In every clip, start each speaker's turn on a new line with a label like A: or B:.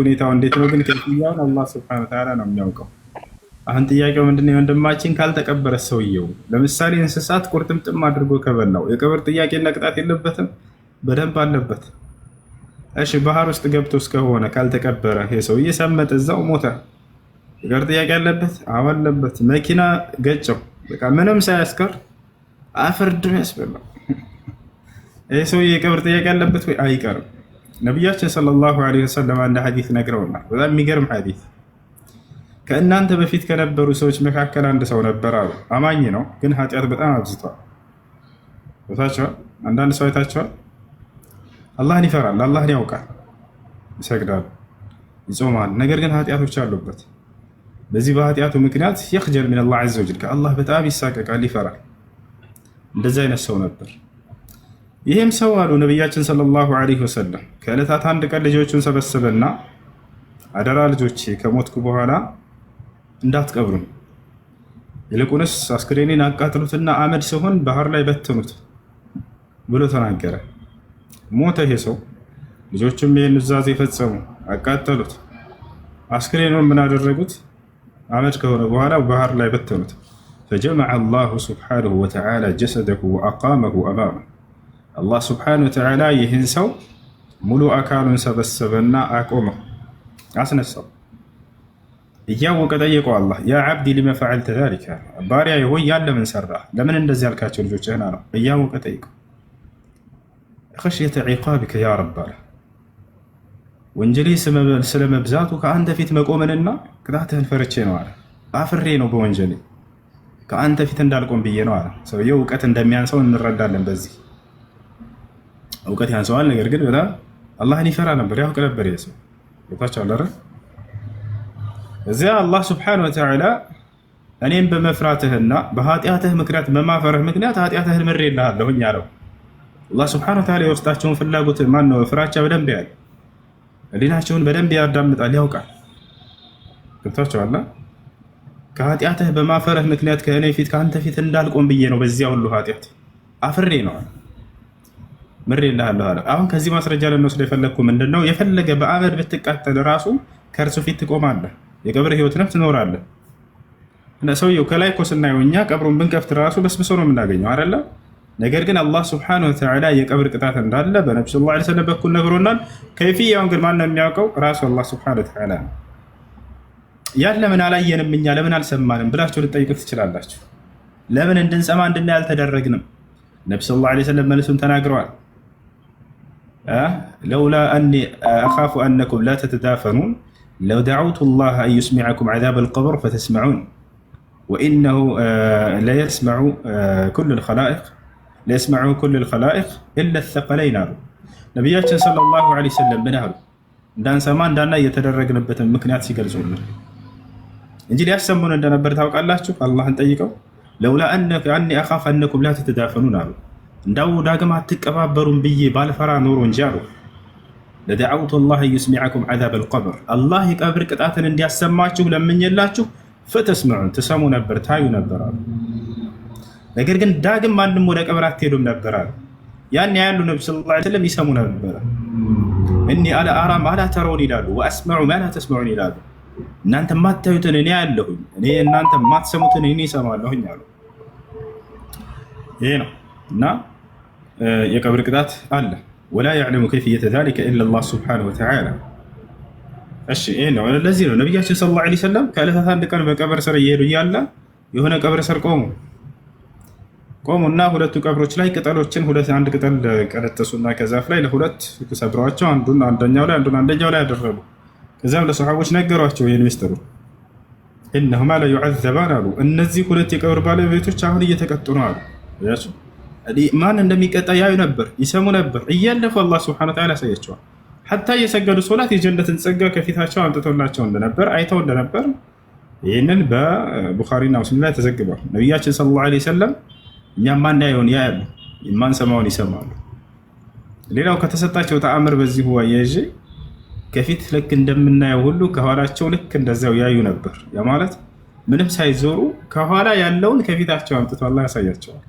A: ሁኔታው እንዴት ነው ግን ከፍያውን አላህ ስብሐነ ወተዓላ ነው የሚያውቀው። አሁን ጥያቄው ምንድነው? የወንድማችን ካልተቀበረ ሰውየው ለምሳሌ እንስሳት ቁርጥምጥም አድርጎ ከበላው የቀብር ጥያቄና ቅጣት የለበትም? በደንብ አለበት። እሺ ባህር ውስጥ ገብቶ እስከሆነ ካልተቀበረ የሰውዬ ሰመጠ፣ እዛው ሞተ። የቀብር ጥያቄ አለበት? አዎ አለበት። መኪና ገጨው፣ በቃ ምንም ሳያስቀር አፈር ድሜ ያስበላው ይህ ሰውዬ የቀብር ጥያቄ አለበት ወይ? አይቀርም ነቢያችን ሰለላሁ ዐለይሂ ወሰለም አንድ ሐዲስ ነግረውናል። በጣም የሚገርም ሐዲስ። ከእናንተ በፊት ከነበሩ ሰዎች መካከል አንድ ሰው ነበር አሉ። አማኝ ነው፣ ግን ኃጢአት በጣም አብዝቷል። ታቸዋል አንዳንድ ሰው አይታቸዋል። አላህን ይፈራል፣ አላህን ያውቃል፣ ይሰግዳል፣ ይጾማል። ነገር ግን ኃጢአቶች አሉበት። በዚህ በኃጢአቱ ምክንያት የክጀል ሚን አላህ አዘወጅል ከአላህ በጣም ይሳቀቃል፣ ይፈራል። እንደዚህ አይነት ሰው ነበር። ይህም ሰው አሉ ነቢያችን ሰለላሁ ዐለይሂ ወሰለም ከዕለታት አንድ ቀን ልጆቹን ሰበሰበና አደራ ልጆቼ ከሞትኩ በኋላ እንዳትቀብሩም ይልቁንስ አስክሬኔን አቃጥሉትና አመድ ሲሆን ባህር ላይ በትኑት ብሎ ተናገረ። ሞተ ይሄ ሰው። ልጆቹም ይህን ኑዛዜ የፈጸሙ አቃጠሉት። አስክሬኑን ምን አደረጉት? አመድ ከሆነ በኋላ ባህር ላይ በትኑት። ፈጀመዐ አላሁ ሱብሓነሁ ወተዓላ ጀሰደሁ ወአቃመሁ አማመሁ አላህ ስብሓነ ወተዓላ ይህን ሰው ሙሉ አካሉን ሰበሰበና አቆመው፣ አስነሳው። እያወቀ ጠየቀው አላህ ያ ዓብዲ ሊመ ፈዐልተ ዛሊከ፣ ባሪያ ሆይ ያን ለምን ሰራ? ለምን እንደዚህ ያልካቸው ልጆችህን አለው። እያወቀ ጠይቀው። ኸሽየተ ዒቃቢከ ያ ረብ አለ። ወንጀሌ ስለመብዛቱ ከአንተ ፊት መቆምንና ቅጣትህን ፈርቼ ነው አለ። አፍሬ ነው በወንጀሌ ከአንተ ፊት እንዳልቆም ብዬ ነው አለ። ሰውየው እውቀት እንደሚያንሰው እንረዳለን በዚህ እውቀት ያንሰዋል። ነገር ግን በጣም አላህን ይፈራ ነበር፣ ያውቅ ነበር። የሰው ቦታቸው አለረ እዚያ አላህ ስብሓነሁ ወተዓላ እኔም በመፍራትህና በኃጢአትህ ምክንያት በማፈርህ ምክንያት ኃጢአትህን ምሬልሃለሁኝ አለው። አላህ ስብሓነሁ ወተዓላ የውስጣቸውን ፍላጎት ማነው ፍራቻ በደንብ ያለ ህሊናቸውን በደንብ ያዳምጣል፣ ያውቃል። ገብታቸዋል። ከኃጢአትህ በማፈርህ ምክንያት ከእኔ ፊት ከአንተ ፊት እንዳልቆም ብዬ ነው። በዚያ ሁሉ ኃጢአት አፍሬ ነዋል ምር ላለሁ አለ። አሁን ከዚህ ማስረጃ ልንወስድ የፈለግኩ ምንድን ነው፣ የፈለገ በአመድ ብትቃጠል ራሱ ከእርሱ ፊት ትቆማለህ፣ የቀብር ህይወትንም ትኖራለህ። ሰውየው ከላይ እኮ ስናየው እኛ ቀብሩን ብንከፍት ራሱ በስብሶ ነው የምናገኘው አይደለ? ነገር ግን አላህ ስብሐነሁ ወተዓላ የቀብር ቅጣት እንዳለ በነቢ ስ ላ ስለም በኩል ነግሮናል። ከይፍያውን ግን ማነው የሚያውቀው? ራሱ አላህ ስብሐነሁ ወተዓላ ነው። ያን ለምን አላየንም እኛ ለምን አልሰማንም ብላችሁ ልጠይቁ ትችላላችሁ። ለምን እንድንሰማ እንድናይ አልተደረግንም? ነቢ ስ ላ ስለም መልሱን ተናግረዋል። أه؟ لولا أني آه، أخاف أنكم لا تتدافنون لو دعوت الله أن يسمعكم عذاب القبر فتسمعون وإنه أه لا يسمع أه كل الخلائق لا يسمعه كل الخلائق إلا الثقلين نبي صلى الله عليه وسلم بنهر دان سمان دانا يتدرج نبتا مكنات سيقل زول انجي لي أحسن من دانا برتاوك الله شوف الله انتأيكو لولا أنك أني أخاف أنكم لا تتدافنون نار እንዳው ዳግም አትቀባበሩም ብዬ ባልፈራ ኖሮ እንጂ አሉ ለደዓውቱ ላ ዩስሚዓኩም ዓዛብ ልቀብር አላህ የቀብር ቅጣትን እንዲያሰማችሁ ለምኝላችሁ ፈተስምዑን ትሰሙ ነበር ታዩ ነበር አሉ። ነገር ግን ዳግም ማንም ወደ ቀብር አትሄዱም ነበር አሉ። ያን ያሉ ነቢ ስ ላ ስለም ይሰሙ ነበረ። እኒ አለ አራ ማላ ተረውን ይላሉ፣ ወአስመዑ ማላ ተስመዑን ይላሉ። እናንተ ማታዩትን እኔ ያለሁኝ፣ እኔ እናንተ ማትሰሙትን እኔ ይሰማለሁኝ አሉ። ይሄ ነው እና የቀብር ቅጣት አለ። ወላ ያዕለሙ ከይፍየተ ዛሊከ ኢላ አላህ ሱብሓነሁ ወተዓላ። እሺ ይህ ነው። ለዚህ ነው ነቢያችን ሰለላሁ ዐለይሂ ወሰለም ከዕለታት አንድ ቀን በቀብር ስር እየሄዱ እያለ የሆነ ቀብር ስር ቆሙ ቆሙና ሁለቱ ቀብሮች ላይ ቅጠሎችን ሁለት አንድ ቅጠል ቀለጠሱና ከዛፍ ላይ ለሁለት ሰብረዋቸው አንዱን አንደኛው ላይ አንዱን አንደኛው ላይ ያደረጉ። ከዚያም ለሰሓቦች ነገሯቸው ይህን ሚስጥሩ። እነሁማ ለዩዐዘባን አሉ። እነዚህ ሁለት የቀብር ባለቤቶች አሁን እየተቀጡ ነው አሉ። ማን እንደሚቀጣ ያዩ ነበር፣ ይሰሙ ነበር። እያለፉ አላህ ስብሐነ ወተዓላ ያሳያቸዋል። ሐታ እየሰገዱ ሶላት የጀነትን ጸጋ ከፊታቸው አምጥቶላቸው እንደነበር አይተው እንደነበር ይህንን በቡኻሪና ሙስሊም ላይ ተዘግቧል። ነቢያችን ሰለላሁ ዐለይሂ ወሰለም እኛም ማናየውን ያያሉ፣ የማንሰማውን ይሰማሉ። ሌላው ከተሰጣቸው ተአምር በዚሁ አያይዤ ከፊት ልክ እንደምናየው ሁሉ ከኋላቸው ልክ እንደዚያው ያዩ ነበር። ያ ማለት ምንም ሳይዞሩ ከኋላ ያለውን ከፊታቸው አምጥቶ አላህ ያሳያቸዋል።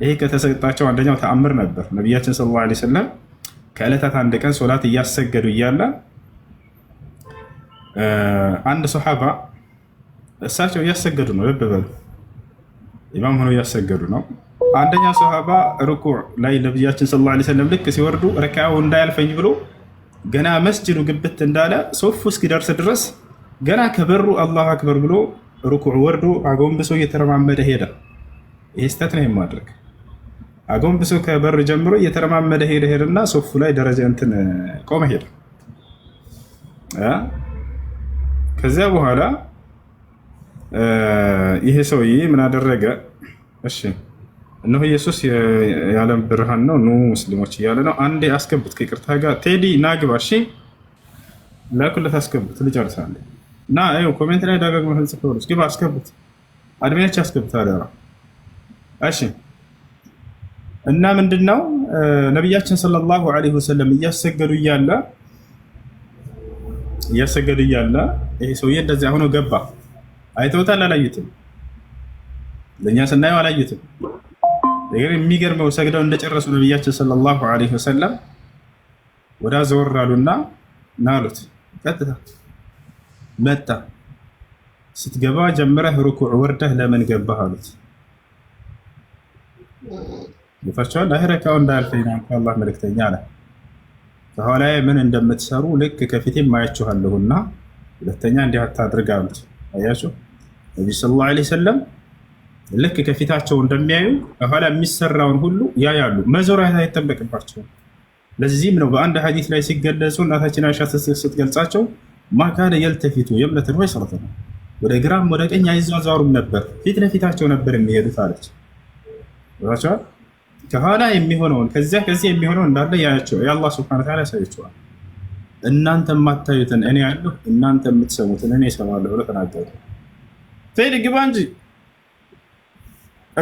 A: ይሄ ከተሰጣቸው አንደኛው ተአምር ነበር። ነቢያችን ስለ ላ ስለም ከዕለታት አንድ ቀን ሶላት እያሰገዱ እያለ አንድ ሶሓባ እሳቸው እያሰገዱ ነው፣ ልብ በሉ ኢማም ሆነው እያሰገዱ ነው። አንደኛ ሶሓባ ርኩዕ ላይ ነቢያችን ስለ ላ ስለም ልክ ሲወርዱ ረካው እንዳያልፈኝ ብሎ ገና መስጅዱ ግብት እንዳለ ሶፉ እስኪደርስ ድረስ ገና ከበሩ አላሁ አክበር ብሎ ርኩዕ ወርዶ አጎንብሶ እየተረማመደ ሄደ። ይህ ስተት ነው የማድረግ አጎንብሶ ከበር ጀምሮ እየተረማመደ ሄደ ሄደና ሶፉ ላይ ደረጃ እንትን ቆመ ሄደ። ከዚያ በኋላ ይሄ ሰውዬ ምን አደረገ? እሺ እነሆ ኢየሱስ የዓለም ብርሃን ነው፣ ኑ ሙስሊሞች እያለ ነው። አንዴ አስገቡት ከይቅርታ ጋር ቴዲ ናግባ። እሺ ላኩለት፣ አስገቡት። ልጨርሳለ እና ኮሜንት ላይ ዳጋግመ ጽፈው ግባ፣ አስገቡት። አድሜያች አስገቡት አደራ። እሺ እና ምንድን ነው ነቢያችን ሰለላሁ ዐለይሂ ወሰለም እያሰገዱ እያለ እያሰገዱ እያለ ይሄ ሰውዬ እንደዚህ ሆኖ ገባ። አይተውታል? አላዩትም። ለእኛ ስናየው አላዩትም። ነገር የሚገርመው ሰግደው እንደጨረሱ ነቢያችን ሰለላሁ ዐለይሂ ወሰለም ወዳ ዘወር አሉና ና አሉት። ቀጥታ መጣ። ስትገባ ጀምረህ ሩኩዕ ወርደህ ለምን ገባህ አሉት። ጌታቸውን ላህረካው እንዳያልፈኝ አንኩ አላህ መልክተኛ አለ። ከኋላ ምን እንደምትሰሩ ልክ ከፊቴ ማያችኋለሁና ሁለተኛ እንዲህ አታድርግ አሉት። አያችሁ ነቢዩ ሰለላሁ ዐለይሂ ወሰለም ልክ ከፊታቸው እንደሚያዩ ከኋላ የሚሰራውን ሁሉ ያያሉ። መዞር አይጠበቅባቸውም። ለዚህም ነው በአንድ ሀዲት ላይ ሲገለጹ እናታችን አይሻ ስትገልጻቸው ማካነ የልተፊቱ የምለትን ወይ ሰረት ነው ወደ ግራም ወደ ቀኝ አይዟዟሩም ነበር፣ ፊት ለፊታቸው ነበር የሚሄዱት አለች። ከኋላ የሚሆነውን ከዚያ ከዚህ የሚሆነው እንዳለ ያያቸው የአላህ ስብሐነሁ ወተዓላ ያሳያቸዋል። እናንተ የማታዩትን እኔ ያለሁ እናንተ የምትሰሙትን እኔ እሰማለሁ ብሎ ተናገጡ ሰይድ ግባ እንጂ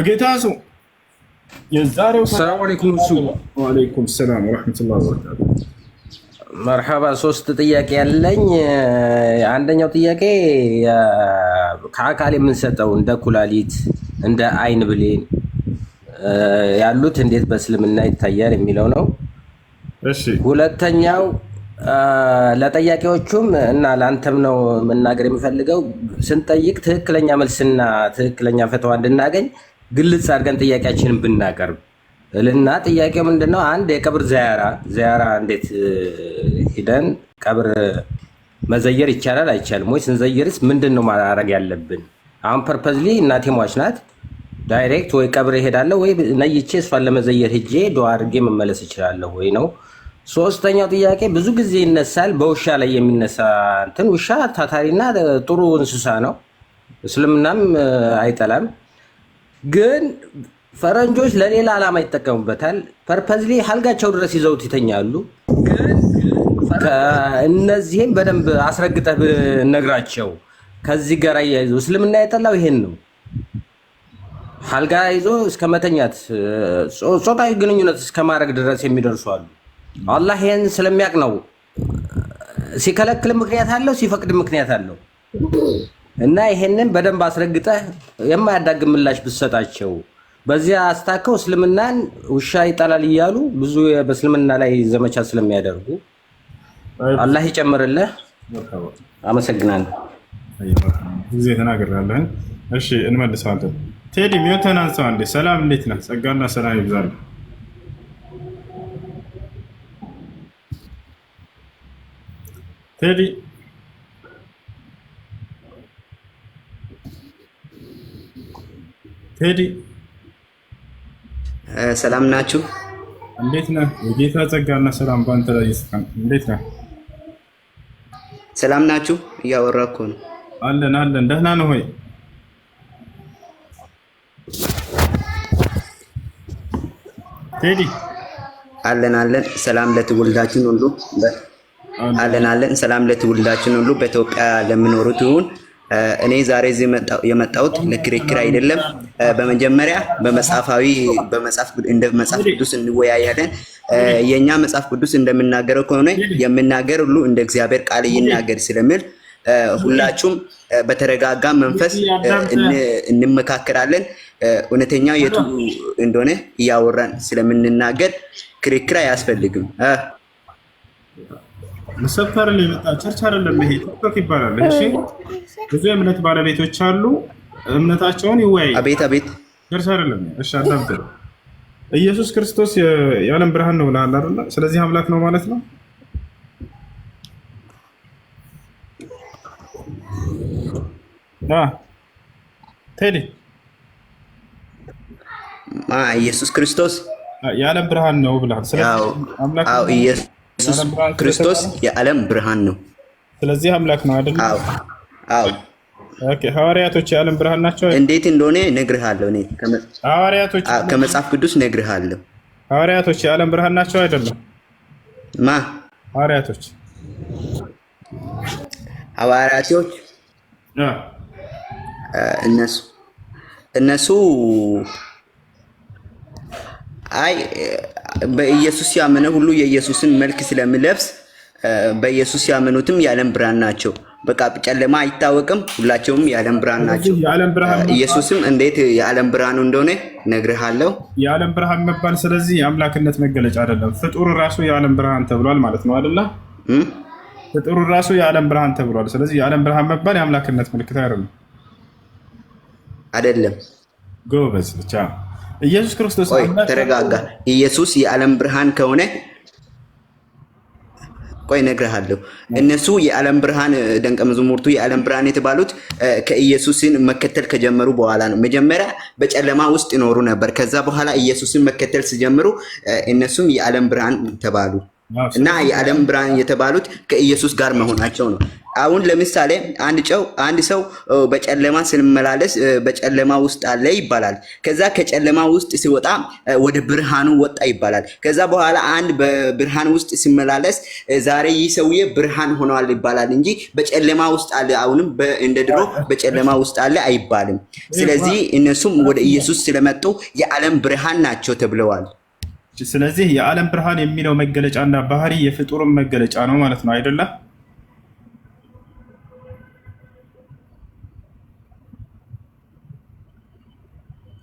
A: ጌታ ሱ የዛሬው
B: ሰላም አለይኩም ሱ ወአለይኩም ሰላም ወረሕመቱላሂ ወበረካቱ።
C: መርሐባ ሶስት ጥያቄ ያለኝ አንደኛው ጥያቄ ከአካል የምንሰጠው እንደ ኩላሊት እንደ አይን ብሌን ያሉት እንዴት በእስልምና ይታያል የሚለው ነው። ሁለተኛው ለጠያቂዎቹም እና ለአንተም ነው መናገር የምፈልገው ስንጠይቅ ትክክለኛ መልስና ትክክለኛ ፈተዋ እንድናገኝ ግልጽ አድርገን ጥያቄያችንን ብናቀርብ እና ጥያቄው ምንድን ነው? አንድ የቀብር ዘያራ ዘያራ እንዴት ሂደን ቀብር መዘየር ይቻላል አይቻልም ወይ? ስንዘየርስ ምንድን ነው ማድረግ ያለብን? አሁን ፐርፐዝሊ እናቴ ሟች ናት ዳይሬክት ወይ ቀብር እሄዳለሁ ወይ ነይቼ እሷን ለመዘየር ሄጄ ዱዓ አድርጌ መመለስ እችላለሁ ወይ ነው። ሶስተኛው ጥያቄ ብዙ ጊዜ ይነሳል። በውሻ ላይ የሚነሳ እንትን ውሻ ታታሪና ጥሩ እንስሳ ነው፣ እስልምናም አይጠላም። ግን ፈረንጆች ለሌላ ዓላማ ይጠቀሙበታል። ፐርፐዝሊ ሀልጋቸው ድረስ ይዘውት ይተኛሉ። እነዚህም በደንብ አስረግጠህ ነግራቸው ከዚህ ጋር እያይዘው እስልምና የጠላው ይሄን ነው። አልጋ ይዞ እስከ መተኛት ጾታዊ ግንኙነት እስከ ማድረግ ድረስ የሚደርሱ አሉ። አላህ ይህን ስለሚያውቅ ነው ሲከለክል ምክንያት አለው፣ ሲፈቅድ ምክንያት አለው። እና ይሄንን በደንብ አስረግጠህ የማያዳግም ምላሽ ብትሰጣቸው በዚያ አስታከው እስልምናን ውሻ ይጠላል እያሉ ብዙ በእስልምና ላይ ዘመቻ ስለሚያደርጉ አላህ ይጨምርልህ። አመሰግናለሁ።
B: ጊዜ ተናግሬያለሁ። እሺ እንመልሳለን። ቴዲ ሚውትን አንሳው አንዴ። ሰላም እንዴት ነህ? ጸጋና ሰላም ይብዛል። ቴዲ ቴዲ
C: ሰላም ናችሁ?
B: እንዴት ነህ? የጌታ ጸጋና ሰላም በአንተ ላይ ይስፈን። እንዴት ነህ?
C: ሰላም ናችሁ? እያወራኩ ነው።
B: አለን አለን። ደህና ነው ሆይ
C: አለን አለን ሰላም ለትውልዳችን ሁሉ አለን አለን ሰላም ለትውልዳችን ሁሉ በኢትዮጵያ ለምኖሩት ይሁን። እኔ ዛሬ እዚህ የመጣሁት ለክርክር አይደለም። በመጀመሪያ በመጽሐፋዊ በመጽሐፍ እንደ መጽሐፍ ቅዱስ እንወያያለን። የኛ መጽሐፍ ቅዱስ እንደምናገረው ከሆነ የምናገር ሁሉ እንደ እግዚአብሔር ቃል ይናገር ስለሚል ሁላችሁም በተረጋጋ መንፈስ እንመካከራለን። እውነተኛው የቱ እንደሆነ እያወራን ስለምንናገር ክርክር አያስፈልግም።
B: መሰብከር የመጣ ቸርች አይደለም። ይሄ ጥቅት ይባላል። እሺ ብዙ የእምነት ባለቤቶች አሉ። እምነታቸውን ይወያይ። አቤት አቤት፣ ቸርች አይደለም። እሺ አዳምጥ። ኢየሱስ ክርስቶስ የዓለም ብርሃን ነው ብለሃል አይደለ? ስለዚህ አምላክ ነው ማለት ነው። ቴዲ
C: ኢየሱስ ክርስቶስ የዓለም ብርሃን ነው ብለሃል። ኢየሱስ ክርስቶስ የዓለም ብርሃን ነው።
B: ስለዚህ አምላክ ነው አይደል? ሐዋርያቶች የዓለም ብርሃን ናቸው።
C: እንዴት እንደሆነ ነግርሃለሁ። ከመጽሐፍ ቅዱስ ነግርሃለሁ።
B: ሐዋርያቶች የዓለም ብርሃን ናቸው አይደለም? ማ ሐዋርያቶች
C: ሐዋርያቶች እነሱ እነሱ አይ በኢየሱስ ያመነ ሁሉ የኢየሱስን መልክ ስለምለብስ በኢየሱስ ያመኑትም የዓለም ብርሃን ናቸው። በቃ ጨለማ አይታወቅም፣ ሁላቸውም የዓለም ብርሃን ናቸው። ኢየሱስም እንዴት የዓለም ብርሃኑ እንደሆነ ነግርሃለሁ።
B: የዓለም ብርሃን መባል ስለዚህ የአምላክነት መገለጫ አይደለም። ፍጡር ራሱ የዓለም ብርሃን ተብሏል ማለት ነው አይደለ? ፍጡር ራሱ የዓለም ብርሃን ተብሏል። ስለዚህ የዓለም ብርሃን መባል የአምላክነት ምልክት አይደለም። አይደለም። ጎበዝ ብቻ
C: ኢየሱስ ክርስቶስ ተረጋጋ። ኢየሱስ የዓለም ብርሃን ከሆነ ቆይ እነግርሃለሁ። እነሱ የዓለም ብርሃን ደንቀ መዝሙርቱ የዓለም ብርሃን የተባሉት ከኢየሱስን መከተል ከጀመሩ በኋላ ነው። መጀመሪያ በጨለማ ውስጥ ይኖሩ ነበር። ከዛ በኋላ ኢየሱስን መከተል ሲጀምሩ እነሱም የዓለም ብርሃን ተባሉ። እና የዓለም ብርሃን የተባሉት ከኢየሱስ ጋር መሆናቸው ነው። አሁን ለምሳሌ አንድ ጨው አንድ ሰው በጨለማ ስንመላለስ በጨለማ ውስጥ አለ ይባላል። ከዛ ከጨለማ ውስጥ ሲወጣ ወደ ብርሃኑ ወጣ ይባላል። ከዛ በኋላ አንድ በብርሃን ውስጥ ሲመላለስ ዛሬ ይህ ሰውዬ ብርሃን ሆኗል ይባላል እንጂ በጨለማ ውስጥ አለ አሁንም እንደ ድሮ በጨለማ ውስጥ አለ አይባልም። ስለዚህ እነሱም ወደ ኢየሱስ ስለመጡ የዓለም ብርሃን ናቸው ተብለዋል።
B: ስለዚህ የዓለም ብርሃን የሚለው መገለጫና ባህሪ የፍጡርን መገለጫ ነው ማለት ነው አይደለ?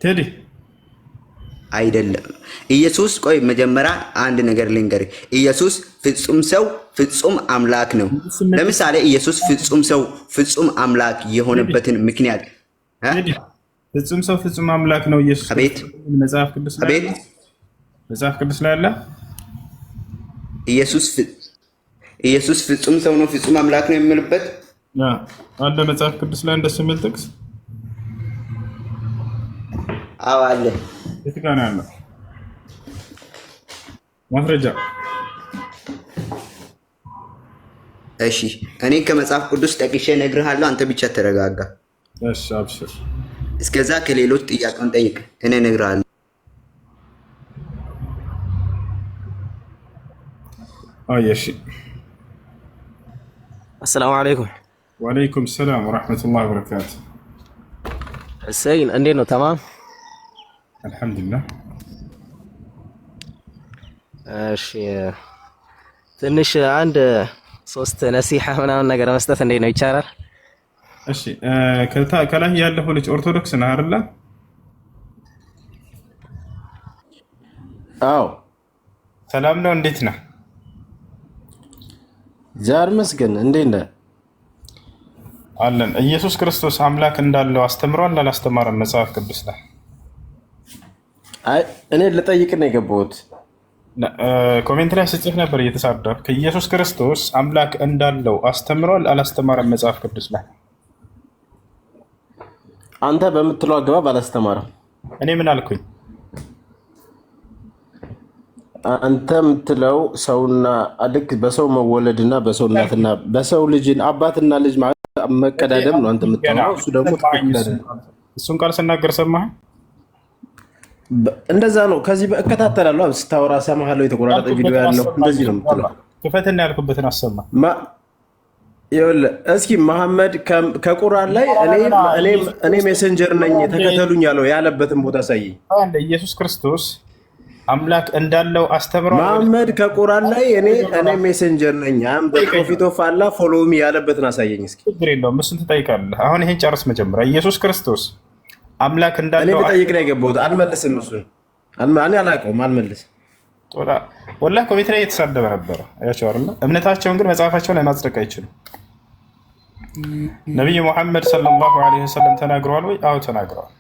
B: ቴዲ
C: አይደለም። ኢየሱስ ቆይ መጀመሪያ አንድ ነገር ልንገር። ኢየሱስ ፍጹም ሰው ፍጹም አምላክ ነው። ለምሳሌ ኢየሱስ ፍጹም ሰው ፍጹም አምላክ የሆነበትን ምክንያት
B: ፍጹም ሰው ፍጹም አምላክ ነው ኢየሱስ አቤት፣ መጽሐፍ ቅዱስ አቤት መጽሐፍ ቅዱስ ላይ አለ
C: ኢየሱስ ፍጹም ሰው ነው ፍጹም አምላክ ነው የሚልበት
B: አለ መጽሐፍ ቅዱስ ላይ እንደሱ የሚል ጥቅስ አዎ አለ የት ጋር ነው ያለው ማስረጃ
C: እሺ እኔ ከመጽሐፍ ቅዱስ ጠቅሼ እነግርሃለሁ አንተ ብቻ ተረጋጋ እሺ አብሽር እስከዛ ከሌሎች ጥያቄውን ጠይቅ እኔ እነግርሃለሁ اه يا شيخ السلام عليكم
B: وعليكم السلام ورحمة الله وبركاته
C: حسين أنينو تمام الحمد لله እሺ ትንሽ አንድ ሶስት ነሲሐ ምናምን ነገር መስጠት እንዴት ነው ይቻላል?
B: እሺ ከላይ ያለፈው ልጅ ኦርቶዶክስ ነህ አይደለ? አዎ። ሰላም ነው። እንዴት ነህ?
C: ዛር መስገን እንዴ እንደ
B: አለን ኢየሱስ ክርስቶስ አምላክ እንዳለው አስተምሯል አላስተማረም? መጽሐፍ ቅዱስ ላይ
C: እኔ ልጠይቅ ነው የገባሁት።
B: ኮሜንት ላይ ስጽፍ ነበር እየተሳደብክ። ኢየሱስ ክርስቶስ አምላክ እንዳለው አስተምሯል አላስተማረም? መጽሐፍ ቅዱስ ላይ
C: አንተ በምትለው አግባብ አላስተማረም። እኔ ምን አልኩኝ? አንተ የምትለው ሰውና ልክ በሰው መወለድና በሰው እናትና በሰው ልጅ አባትና ልጅ መቀዳደም ነው አንተ የምትለው። እሱ ደግሞ
B: እሱን ቃል ስናገር ሰማህ።
C: እንደዛ ነው። ከዚህ እከታተላለሁ ስታወራ ሰማሃለሁ። የተቆራረጠ ቪዲዮ ያለው እንደዚህ ነው የምትለው።
B: ክፈትና ያልኩበትን አሰማ
C: እስኪ መሐመድ ከቁርአን ላይ እኔ ሜሴንጀር ነኝ ተከተሉኝ ያለው ያለበትን ቦታ ሳይ
B: ኢየሱስ ክርስቶስ አምላክ እንዳለው አስተምረው።
C: መሐመድ ከቁራን ላይ እኔ እኔ ሜሴንጀር ነኝ በፕሮፊት ኦፍ አላህ ፎሎውም ያለበትን አሳየኝ እስኪ።
B: ችግር የለውም እሱን ትጠይቃለህ። አሁን ይሄን ጨርስ መጀመሪያ። ኢየሱስ ክርስቶስ አምላክ እንዳለው
C: እኔ ብጠይቅ ነው የገባሁት። አልመልስም፣ እሱን እኔ አላውቀውም፣ አልመልስም።
B: ወላ ኮሚቴ ላይ እየተሳደበ ነበረ አያቸው እምነታቸውን ግን መጽሐፋቸው ላይ ማጽደቅ አይችሉም። ነቢይ ሙሐመድ ሰለላሁ ዐለይሂ ወሰለም ተናግረዋል ወይ? አዎ ተናግረዋል።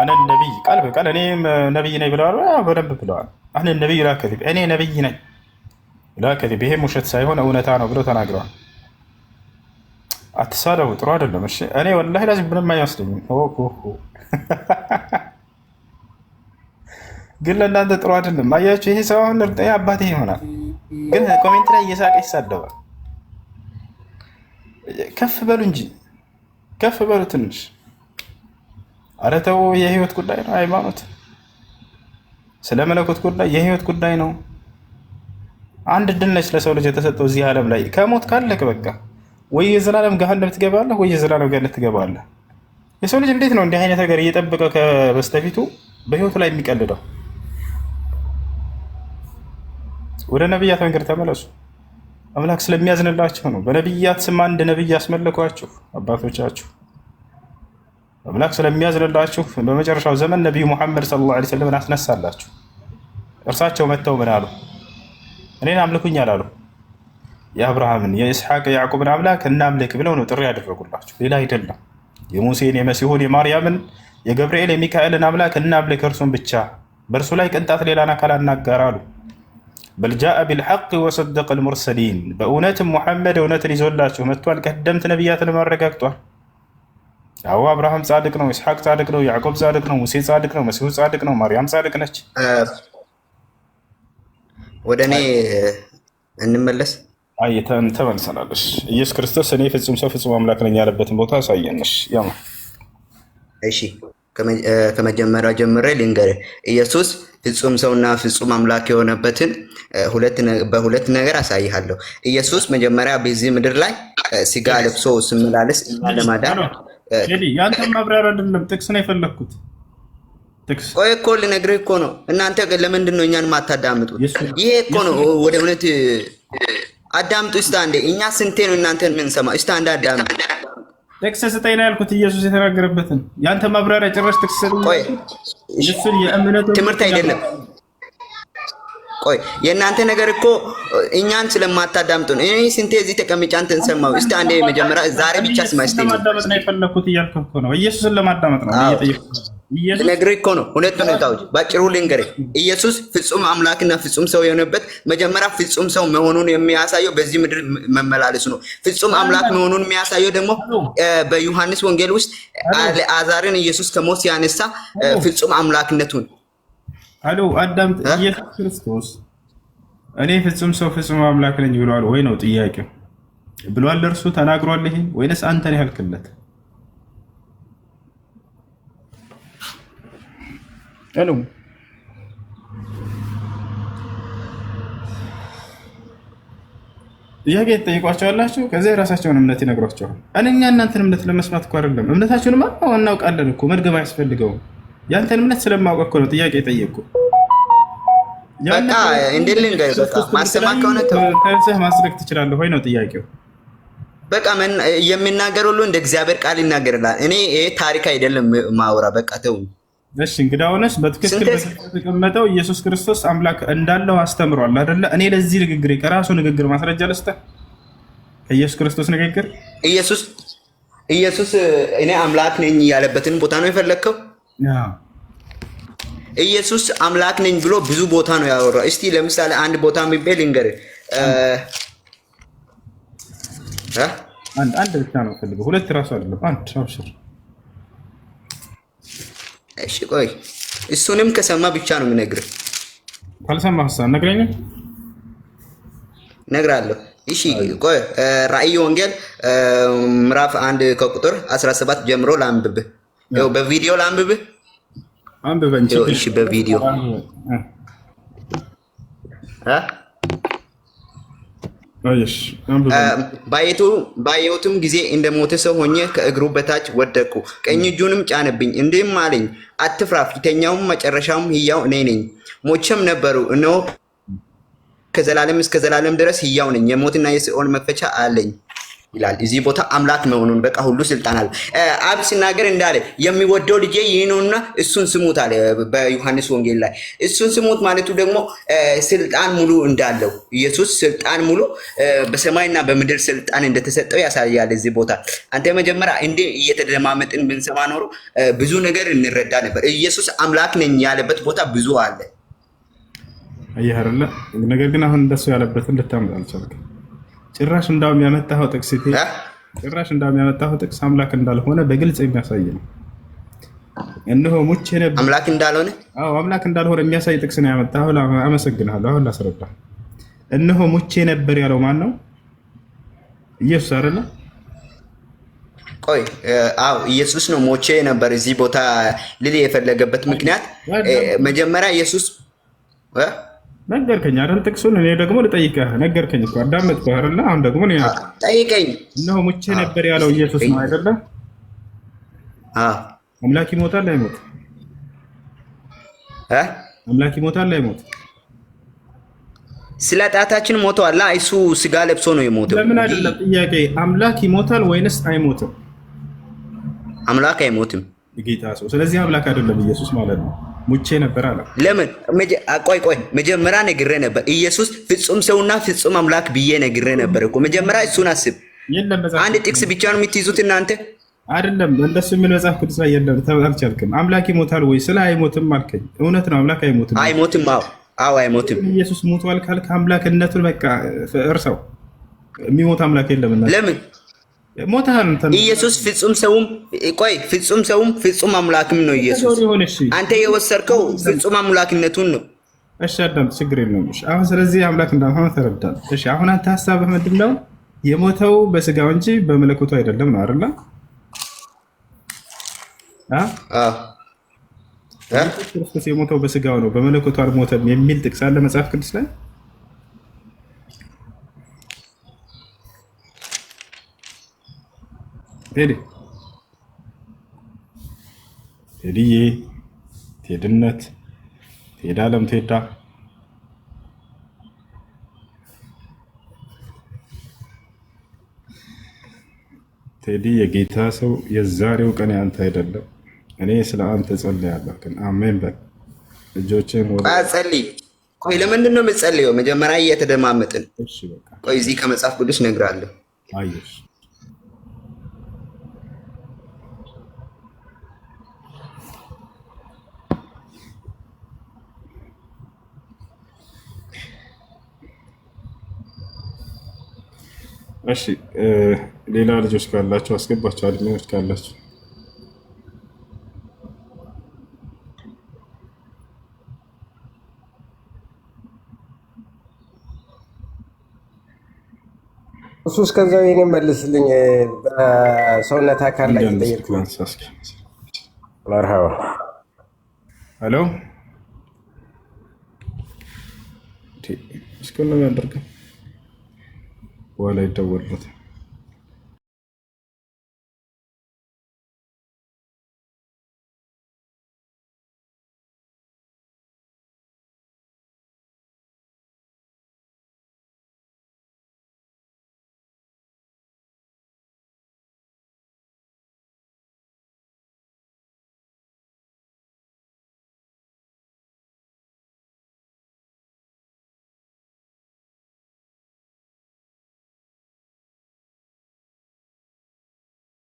B: አነ ነቢይ ቃል በቃል እኔም ነቢይ ነኝ ብለዋል። በደንብ ብለዋል። አነ ነቢይ ላከዚብ እኔ ነቢይ ነኝ ላከዚብ፣ ከዚብ፣ ይሄም ውሸት ሳይሆን እውነታ ነው ብሎ ተናግረዋል። አትሳደቡ፣ ጥሩ አይደለም። እሺ እኔ ወላሂ ለዚህ ምንም አይመስለኝም። ግን ለእናንተ ጥሩ አይደለም። አያችሁ፣ ይሄ ሰው አሁን እርግጠኛ አባቴ ይሆናል፣ ግን ኮሜንት ላይ እየሳቀ ይሳደባል። ከፍ በሉ እንጂ ከፍ በሉ ትንሽ ኧረ ተው፣ የህይወት ጉዳይ ነው ሃይማኖት። ስለ መለኮት ጉዳይ የህይወት ጉዳይ ነው። አንድ ድል ነች ለሰው ልጅ የተሰጠው እዚህ ዓለም ላይ ከሞት ካለክ በቃ ወይ የዘላለም ገሃነም ትገባለህ፣ ወይ የዘላለም ገነት ትገባለህ። የሰው ልጅ እንዴት ነው እንዲህ አይነት ነገር እየጠበቀ ከበስተፊቱ በህይወቱ ላይ የሚቀልደው? ወደ ነቢያት መንገድ ተመለሱ። አምላክ ስለሚያዝንላቸው ነው። በነቢያት ስም አንድ ነቢይ ያስመለኳችሁ አባቶቻችሁ አምላክ ስለሚያዝንላችሁ በመጨረሻው ዘመን ነቢዩ ሙሐመድ ሰለላሁ ዐለይሂ ወሰለም አስነሳላችሁ። እርሳቸው መጥተው ምን አሉ? እኔን አምልኩኝ አላሉ። የአብርሃምን የኢስሐቅ የያዕቁብን አምላክ እናምልክ ብለው ነው ጥሪ ያደረጉላችሁ፣ ሌላ አይደለም። የሙሴን የመሲሁን የማርያምን የገብርኤል የሚካኤልን አምላክ እናምልክ እርሱን ብቻ፣ በእርሱ ላይ ቅንጣት ሌላን አካል አናጋራሉ። በልጃአ ቢልሐቅ ወሰደቀ ልሙርሰሊን በእውነትም ሙሐመድ እውነትን ይዞላችሁ መጥቷል፣ ቀደምት ነቢያትን አረጋግጧል። ያው አብርሃም ጻድቅ ነው፣ ይስሐቅ ጻድቅ ነው፣ ያዕቆብ ጻድቅ ነው፣ ሙሴ ጻድቅ ነው፣ መሲሁ ጻድቅ ነው፣ ማርያም ጻድቅ ነች።
C: ወደ እኔ እንመለስ።
B: አይ ተመልሰናለሽ። ኢየሱስ ክርስቶስ እኔ ፍጹም ሰው ፍጹም አምላክ ነኝ ያለበትን ቦታ ያሳየንሽ። ያው
C: እሺ፣ ከመጀመሪያ ጀምሬ ልንገርህ። ኢየሱስ ፍጹም ሰውና ፍጹም አምላክ የሆነበትን በሁለት ነገር አሳይሃለሁ። ኢየሱስ መጀመሪያ በዚህ ምድር ላይ ስጋ ለብሶ ስመላለስ
B: ለማዳን ያንተን ማብራሪያ አይደለም፣ ጥቅስ ነው የፈለግኩት። ጥቅስ
C: ቆይ እኮ ልነግርህ እኮ ነው። እናንተ ለምንድን ነው እኛን ማታዳምጡት? ይሄ እኮ ነው ወደ እውነት አዳምጡ። እስቲ አንዴ እኛ ስንቴ ነው እናንተን የምንሰማ? እስቲ አንዴ አዳምጡ።
B: ጥቅስ ስጠኝ ነው ያልኩት፣ ኢየሱስ የተናገረበትን። ያንተ ማብራሪያ ጭራሽ ጥቅስ
C: ትምህርት አይደለም ቆይ የእናንተ ነገር እኮ እኛን ስለማታዳምጡን እኔ ስንቴ እዚህ ተቀምጬ አንተን ሰማሁ። እስቲ አንዴ መጀመሪያ ዛሬ ብቻ ስማ። እስቲ
B: ለማዳመጥ ነው የፈለኩት እያልክ እኮ ነው። ኢየሱስን ለማዳመጥ ነው
C: ልነግርህ እኮ ነው። ሁለት ሁኔታዎች በአጭሩ ልንገርህ። ኢየሱስ ፍጹም አምላክና ፍጹም ሰው የሆነበት መጀመሪያ ፍጹም ሰው መሆኑን የሚያሳየው በዚህ ምድር መመላለሱ ነው። ፍጹም አምላክ መሆኑን የሚያሳየው ደግሞ በዮሐንስ ወንጌል ውስጥ አዛርን ኢየሱስ ከሞት ያነሳ ፍጹም አምላክነቱን
B: አሎ አዳም ኢየሱስ ክርስቶስ እኔ ፍጹም ሰው ፍጹም አምላክ ነኝ ብሏል ወይ ነው ጥያቄው። ብሏል እርሱ ተናግሯል ይሄን ወይንስ አንተ ነህ ያልክለት? አሎ ጥያቄ ትጠይቋቸዋላችሁ፣ ከዚያ የራሳቸውን እምነት ይነግሯቸዋል። እኔ እኛ እናንተን እምነት ለመስማት እኮ አይደለም። እምነታችሁንማ እናውቃለን እኮ መድገም አያስፈልገውም። ያንተን እምነት ስለማውቀ እኮ ነው ጥያቄ የጠየቅኩ። በቃ ማስረግ ትችላለህ ወይ ነው ጥያቄው።
C: በቃ የሚናገር ሁሉ እንደ እግዚአብሔር ቃል ይናገርላል። እኔ ይህ ታሪክ አይደለም ማውራ። በቃ ተው
B: እሺ። እንግዳ ሆነስ በትክክል የተቀመጠው ኢየሱስ ክርስቶስ አምላክ እንዳለው አስተምሯል አይደለ? እኔ ለዚህ ንግግር ከራሱ ንግግር ማስረጃ ልስጥህ። ከኢየሱስ ክርስቶስ ንግግር
C: ኢየሱስ ኢየሱስ እኔ አምላክ ነኝ ያለበትን ቦታ ነው የፈለግከው ኢየሱስ አምላክ ነኝ ብሎ ብዙ ቦታ ነው ያወራው። እስቲ ለምሳሌ አንድ ቦታ የሚባል ልንገር።
B: አንድ ብቻ ነው ፈልገው፣ ሁለት ራሱ አይደለም። አንድ አብሽር።
C: እሺ ቆይ፣ እሱንም ከሰማ ብቻ ነው የምነግርህ።
B: ካልሰማ ሀሳብ ነግረኝ።
C: እነግርሃለሁ። እሺ ቆይ፣ ራእይ ወንጌል ምዕራፍ አንድ ከቁጥር 17 ጀምሮ ላንብብህ ያው በቪዲዮ ላንብብህ አንብበን እሺ። በቪዲዮ ባየሁትም ጊዜ እንደሞተ ሰው ሆኜ ከእግሩ በታች ወደቅኩ። ቀኝ እጁንም ጫነብኝ፣ እንዲህም አለኝ፣ አትፍራ፣ ፊተኛውም መጨረሻውም ሕያው እኔ ነኝ። ሞቼም ነበሩ፣ እነሆ ከዘላለም እስከ ዘላለም ድረስ ሕያው ነኝ። የሞትና የሲኦል መክፈቻ አለኝ። ይላል። እዚህ ቦታ አምላክ መሆኑን በቃ ሁሉ ስልጣን አለ። አብ ሲናገር እንዳለ የሚወደው ልጄ ይህ ነውና እሱን ስሙት አለ በዮሐንስ ወንጌል ላይ። እሱን ስሙት ማለቱ ደግሞ ስልጣን ሙሉ እንዳለው ኢየሱስ ስልጣን ሙሉ በሰማይና በምድር ስልጣን እንደተሰጠው ያሳያል። እዚህ ቦታ አንተ መጀመሪያ እንዴ እየተደማመጥን ብንሰማ ኖሮ ብዙ ነገር እንረዳ ነበር። ኢየሱስ አምላክ ነኝ ያለበት ቦታ ብዙ አለ።
B: አየህ አይደለ? ነገር ግን አሁን እንደሱ ያለበትን ልታመጣ አልቻልክም። ጭራሽ እንዳውም ያመጣኸው ጥቅስ ጭራሽ እንዳውም ያመጣኸው ጥቅስ አምላክ እንዳልሆነ በግልጽ የሚያሳይ ነው። እነሆ ሙቼ ነበር
C: አምላክ እንዳልሆነ
B: አዎ አምላክ እንዳልሆነ የሚያሳይ ጥቅስ ነው ያመጣኸው። አመሰግናለሁ። አሁን ላስረዳ። እነሆ ሙቼ ነበር ያለው ማን ነው? ኢየሱስ አይደለ?
C: ቆይ አዎ ኢየሱስ ነው ሞቼ ነበር እዚህ ቦታ ልል የፈለገበት ምክንያት መጀመሪያ ኢየሱስ
B: ነገርከኝ አይደል? ጥቅሱን እኔ ደግሞ ልጠይቅህ። ነገርከኝ እኮ አዳመጥኩህ አይደለ? አሁን ደግሞ እኔ ጠይቀኝ። እነሆ ሙቼ ነበር ያለው ኢየሱስ ነው አይደለ? አምላክ ይሞታል አይሞት? አምላክ ይሞታል አይሞት?
C: ስለ ጣታችን ሞተዋል። እሱ ስጋ ለብሶ ነው
B: የሞተው። ለምን አይደለም ጥያቄ፣ አምላክ ይሞታል ወይንስ አይሞትም?
C: አምላክ አይሞትም
B: ጌታ ሰው። ስለዚህ አምላክ አይደለም ኢየሱስ ማለት ነው። ሙቼ ነበር አለ።
C: ለምን ቆይ ቆይ፣ መጀመሪያ ነግሬ ነበር። ኢየሱስ ፍጹም ሰውና ፍጹም አምላክ ብዬ ነግሬ ነበር እኮ መጀመሪያ። እሱን አስብ። አንድ ጥቅስ ብቻ ነው የምትይዙት እናንተ።
B: አይደለም እንደሱ የሚል መጽሐፍ ቅዱስ ላይ የለም። አልቻልክም። አምላክ ይሞታል ወይ ስለ አይሞትም አልከኝ። እውነት ነው፣ አምላክ አይሞትም።
C: አይሞትም። አዎ፣ አዎ፣ አይሞትም።
B: ኢየሱስ ሞቷል ካልክ አምላክነቱን በቃ እርሰው። የሚሞት አምላክ የለም።
C: ለምን ኢየሱስ ፍጹም ሰውም ቆይ ፍጹም ሰውም ፍጹም አምላክም ነው። ኢየሱስ አንተ የወሰድከው ፍጹም አምላክነቱን ነው።
B: እሺ አዳም ችግር የለውም። እሺ አሁን ስለዚህ አምላክ እንዳልሆነ ተረዳል። እሺ አሁን አንተ ሀሳብህ ምንድን ነው? የሞተው በስጋው እንጂ በመለኮቱ አይደለም ነው አይደለ? ክርስቶስ የሞተው በስጋው ነው፣ በመለኮቱ አልሞተም የሚል ጥቅስ አለ መጽሐፍ ቅዱስ ላይ ቴዲ ቴዲዬ፣ ቴድነት፣ ቴዳ አለም፣ ቴዳ ቴዲ የጌታ ሰው የዛሬው ቀን ያንተ አይደለም። እኔ ስለ አንተ ጸልያለሁ። ግን አሜን በል እጆችን
C: ወደ ጸልይ። ቆይ ለምንድን ነው የምትጸልየው? መጀመሪያ እየተደማመጥን ቆይ፣ እዚህ ከመጽሐፍ ቅዱስ እነግርሃለሁ።
B: አየሽ እሺ ሌላ ልጆች ካላቸው አስገባቸው። አድሚኖች ካላቸው
C: እሱ እስከዛው የኔ መልስልኝ። በሰውነት አካል ላይ ጠየቅ። መርሃባ
B: ሄሎ እስከ ነው ያደርገው ወላይታ ወላይታ